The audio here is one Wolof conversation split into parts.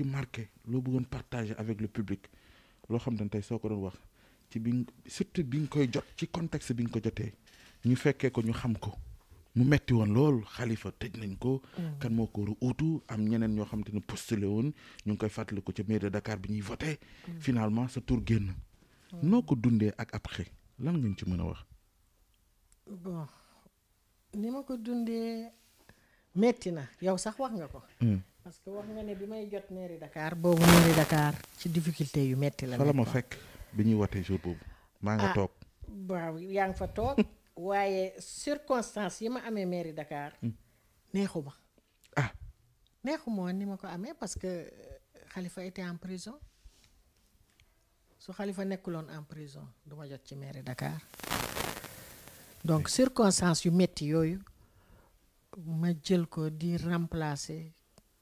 ci marqué loo bëggoon partager avec le public loo xam ne tey soo ko doon wax ci bi surtout bi nga koy jot ci contexte bi nga ko jotee ñu fekkee ko ñu xam ko mu metti woon lool xalifa tëj nañ ko. Mm. kan moo ko war a uutu am ñeneen ñoo xam te ne postulé woon ñu ngi koy fàttali ko ca mairie de Dakar bi ñuy voté. Mm. finalement sa tour génn. Mm. noo ko dundee ak après lan nga ñu ci mën a wax. ni ma ko dundee metti na yow sax wax nga ko. parce que wax nga ne bi may jot mairie dakaar boobu mairie Dakar ci difficulté yu metti la. fa ma fekk bi ñuy wootee jour boobu. maa nga ah, toog waaw yaa ngi fa toog. waaye circonstance yi ma amee mairie dakaar hmm. neexu ma. ah ma ni ma ko amee parce que xalifa euh, était en prison su xalifa nekkuloon en prison du jot ci mairie Dakar donc eh. circonstance yu metti yooyu ma jël ko di remplacer.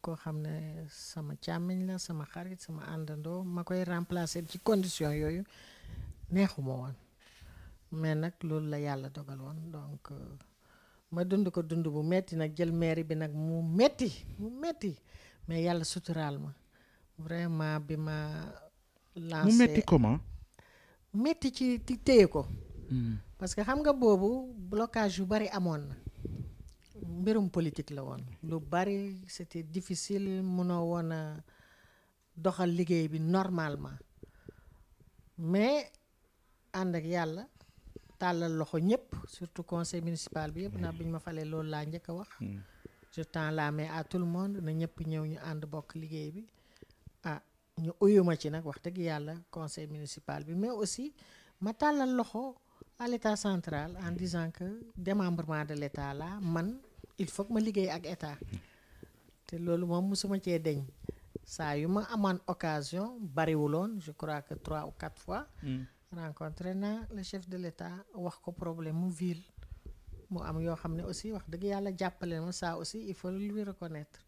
koo xam ne sama càmmiñ la sama xarit sama àndandoo ma koy remplacer ci condition yooyu neexuma woon mais nag loolu la yàlla dogal donc euh, ma dund ko dund bu metti nag jël mairie bi nag mu metti mu metti mais yàlla suturaal vraiment bi ma lancé mu metti comment metti ci ci ko hmm. parce que xam nga boobu blocage yu bari amoon na mbirum politique la woon lu bari c'était difficile mënoo woon a doxal liggéey bi normalement mais ànd ak yàlla tàllal loxo ñëpp surtout conseil municipal bi yëpp ndax bi ñu ma falee loolu laa njëkk a wax hmm. je tends la main à tout le monde na ñëpp ñëw ñu ànd bokk liggéey bi ah ñu uyuma ci nag wax dëgg yàlla conseil municipal bi mais aussi ma tàllal loxo à l'état central en disant que démembrement de l'état la man il faut ma liggéey ak état te loolu moom mësuma cee deñ saa yu ma amaan occasion bariwuloon je crois que trois ou quatre fois mm. rencontré naa le chef de l'état wax ko problème mu ville mu am yoo xam ne aussi wax dëgg yàlla jàppale ma saa aussi il faut lui reconnaître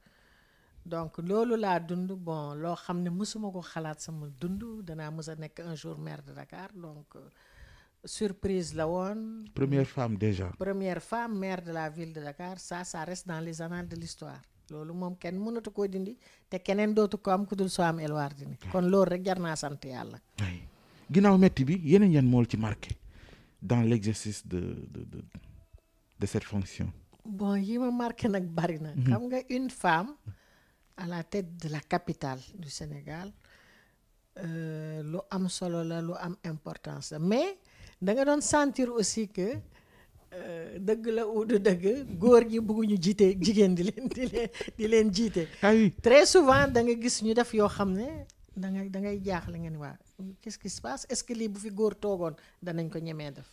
donc loolu laa dund bon loo xam ne mosuma ko xalaat sama dund danaa mos a nekk un jour maire de Dakar euh, surprise la woon. première femme déjà. première femme maire de la ville de Dakar ça ça reste dans les annales de l'histoire loolu moom kenn mënatu koo dindi te keneen dootu ko am ku dul soo am Elwardini kon loolu rek jar naa sant yàlla. ginnaaw métti bi yeneen yan mool ci marqué dans l'exercice de de cette fonction. bon yi ma marqué nag bari na. Mhm. xam nga une femme à la tête de la capitale du Sénégal euh, lu am solo la lu am importance la mais. da nga doon sentir aussi que euh, dëgg la ou du dëgg góor gi bëgguñu jiite jigéen di leen di leen jiite. très souvent da nga gis ñu def yoo xam ne da ngay da ngay jaaxle nga ni waa qu'est-ce qui se passe est-ce que lii bu fi góor toogoon danañ ko ñemee def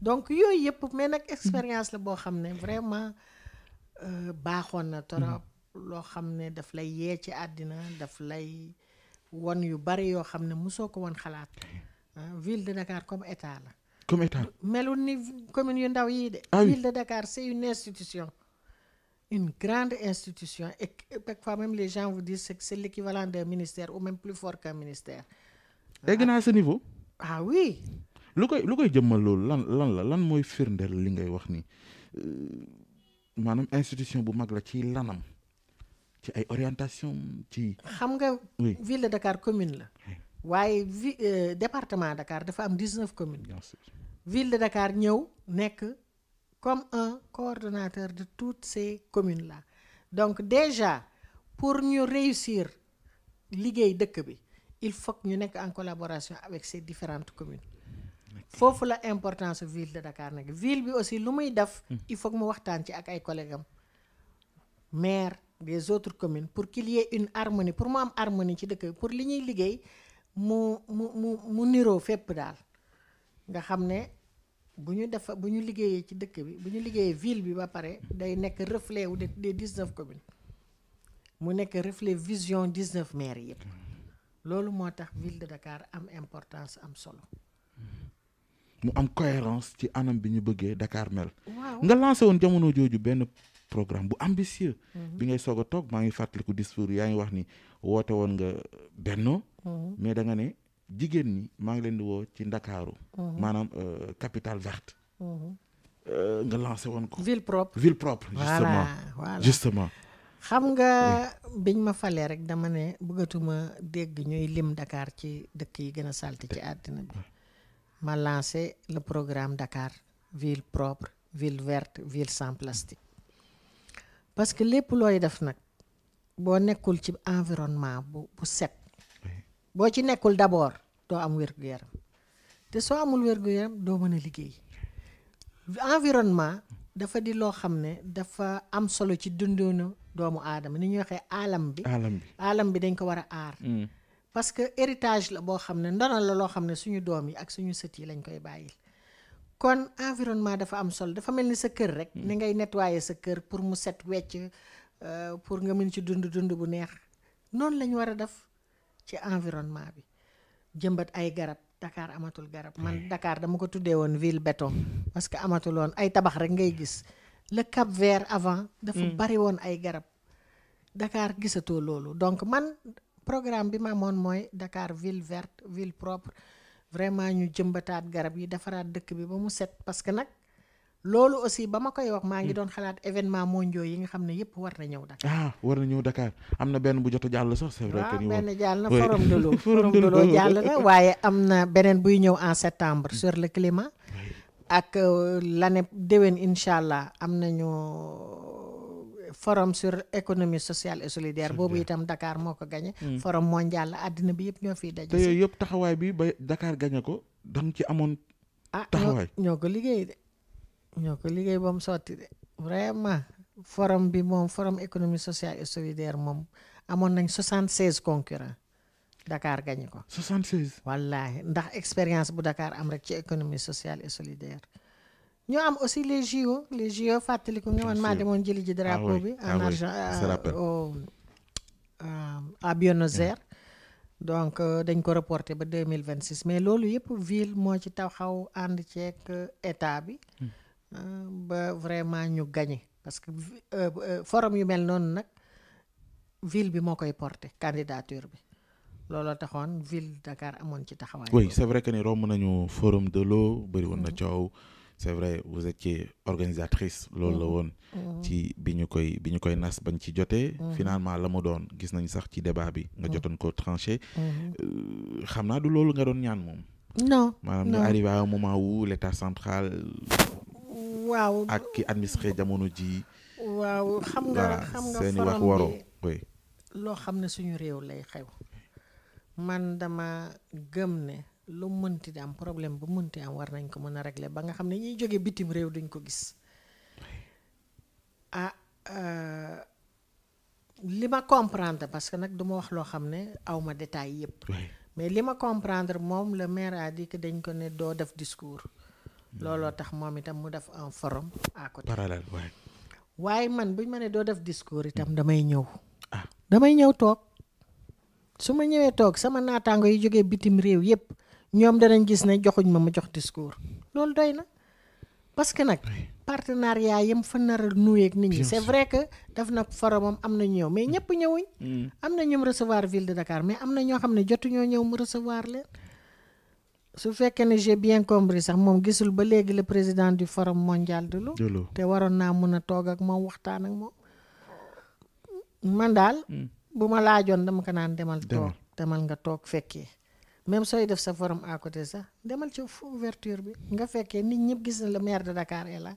donc yooyu yëpp mais nag expérience la boo xam ne vraiment euh, baaxoon na torop mm-hmm. loo xam ne daf lay yee ci àddina daf lay won yu bari yoo xam ne mosoo ko woon xalaat mm-hmm. ah, ville de Dakar comme état la. comme état. melul ni commune yu ndaw yii de. Ah ville de Dakar c' est une institution. une grande institution et parfois même les gens vous disent l' équivalent d'un ministère ou même plus fort qu'un ministère. egg ah. naa sa niveau. ah oui. lu koy lu koy jëmmal loolu lan la lan mooy firndeel li ngay wax nii euh, maanaam institution bu mag la ci lanam ci ay orientation ci. xam nga. ville de Dakar commune la. waaye vi euh, département Dakar dafa am dix neuf communes. ville de Dakar ñëw nekk comme un coordonnateur de toutes ces communes la donc déjà pour ñu réussir liggéey dëkk bi il faut ñu nekk en collaboration avec ces différentes communes foofu la importance ville de Dakar nag ville bi aussi lu muy def hmm. il faut mu waxtaan ci ak ay collègues maire des autres communes pour qu'il y une harmonie pour mu am harmonie ci dëkk bi pour li ñuy liggéey mu mu mu mu niroo fépp daal nga xam ne bu ñu defa bu ñu liggéeyee ci dëkk bi bu ñu liggéeyee ville bi ba pare day nekk reflet wu des dix neuf communes mu nekk reflet vision dix neuf maire yëpp loolu moo tax ville de Dakar am importance am solo. mu am cohérence ci anam bi ñu bëggee Dakar mel. waaw nga lancé woon jamono jooju benn programme bu ambitieux. Mhm. bi ngay soog toog maa ngi fàttaliku discours yaa ngi wax ni woote woon nga benno mhm. mais da ne jigéen ñi maa ngi leen di woo ci ndakaaru mhm. maanaam euh, capitale vert mhm. euh, nga lancé woon ko ville propre ville propre justement xam nga biñ ma falee rek dama ne bëggatuma dégg ñuy lim dakaar ci dëkk yi gën a salte ci àddina bi ma lancé le programme Dakar ville propre ville vert ville sans plastique parce que lépp looy def nag boo nekkul ci environnement bu bu set boo ci nekkul d'abord doo am wér-gu-yaram te soo amul wér-gu-yaram doo mën a liggéey environnement dafa di loo xam ne dafa am solo ci dundoonu doomu aadama ni ñuy waxee alam bi alam bi dañ ko war a aar mm. parce que héritage la boo xam ne ndono la loo xam ne suñu doom yi ak suñu sët yi lañ koy bàyyil kon environnement dafa am solo dafa mel ni sa kër rek mm. ni ngay nettoyer sa kër pour mu set wecc euh, pour nga mën ci dund dund bu neex noonu lañ war a def ci environnement bi jëmbat ay garab dakaar amatul garab man hmm. dakaar dama ko tuddee woon ville béton parce que amatul woon ay tabax rek ngay gis le Cap Vert avant dafa hmm. bari woon ay garab Dakar gisatoo loolu donc man programme bi ma amoon mooy dakaar ville verte ville propre vraiment ñu jëmbataat garab yi defaraat dëkk bi ba mu set parce nag loolu aussi ba ma koy wax maa ngi hmm. doon xalaat événement mondiaux yi nga xam ne yëpp war na ñëw Dakar. ah war na ñëw Dakar am na benn bu jot a jàll sax. c'est vrai que benn jàll na forum de waaye am na beneen buy ñëw en septembre sur le climat. ak euh, lane déwén incha allah am nañu euh, forum sur économie sociale et solidaire boobu itam Dakar moo ko gañe hmm. forum mondial la àddina bi yëpp ñoo fii daje. te yooyu yëpp taxawaay bi ba Dakar gañe ko da ci amoon. Ah, taxawaay ñoo ko liggéey de. ñoo ko liggéey boom mu sotti de vraiment forum bi moom forum économie sociale et solidaire moom amoon nañ 76 concurrents Dakar gañu ko. 76. wallaahi ndax expérience bu dakaar am rek ci économie sociale et solidaire. ñoo am aussi les JO les JO fàttaliku nga man maa moon jëli ji drapeau ah bi. en ah argent euh, euh, à mm. donc euh, dañ ko reporté ba deux mille vingt six mais loolu yëpp ville moo ci xaw ànd ceeg état bi. Mm. ba vraiment ñu gagné parce que euh, euh, forum yu mel noonu nag ville bi moo koy porté candidature bi looloo taxoon ville Dakar amoon ci taxawaay. oui c'est vrai que ni romb nañu forum de l'eau bëri woon na mm-hmm. coow. c'est vrai vous étiez organisatrice. loolu la mm-hmm. woon. Mm-hmm. ci bi ñu koy bi koy nas bañ ci jotee. finalement la mu doon gis nañu sax ci débat bi. nga jotoon ko tranché. Euh, xam naa du loolu nga doon ñaan moom. non maanaam ñu arrivé moment où l'état central. waaw ak ki administré jamono ji waaw xam nga xam nga seeni loo xam ne suñu réew lay xew man dama gëm ne lu mënti di am problème bu mënti am war nañ ko mën a régler ba nga xam ne ñuy jóge bitim réew duñ ko gis ah euh, li ma comprendre parce que nag duma wax loo xam ne awma détail yépp mais li ma comprendre moom le maire a dit dañ ko ne doo def discours looloo tax moom itam mu def un forum à côté. parallèle waaye. man buñ ma ne doo def discours itam mm. damay ñëw. Ah. damay ñëw toog su ma ñëwee toog sama naataango yi jógee bitim réew yépp ñoom danañ gis ne joxuñ ma ma jox discours loolu doy na parce que nag partenariat yam fa nar a nuyeeg nit ñi c'est vrai que daf nag foromam am na ñëw mais mm. ñëpp ñëwuñ mm. am na ñoom recevoir ville de Dakar mais am na ñoo xam ne jotuñoo ñëw mu recevoir leen su fekkee ne j'ai bien compris sax moom gisul ba léegi la président du forum mondial de l'eau te waroon naa mën a toog ak moom waxtaan ak moom man daal hmm. bu ma laajoon dama ko naan demal toog demal nga toog fekkee même sooy def sa forum à côté sax demal ci ouverture bi nga fekkee nit ñëpp gis na le maire de Dakar est là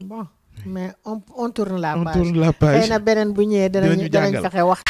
bon mais on on tourne la page xëy na beneen bu ñëwee danañ danañ fexe wax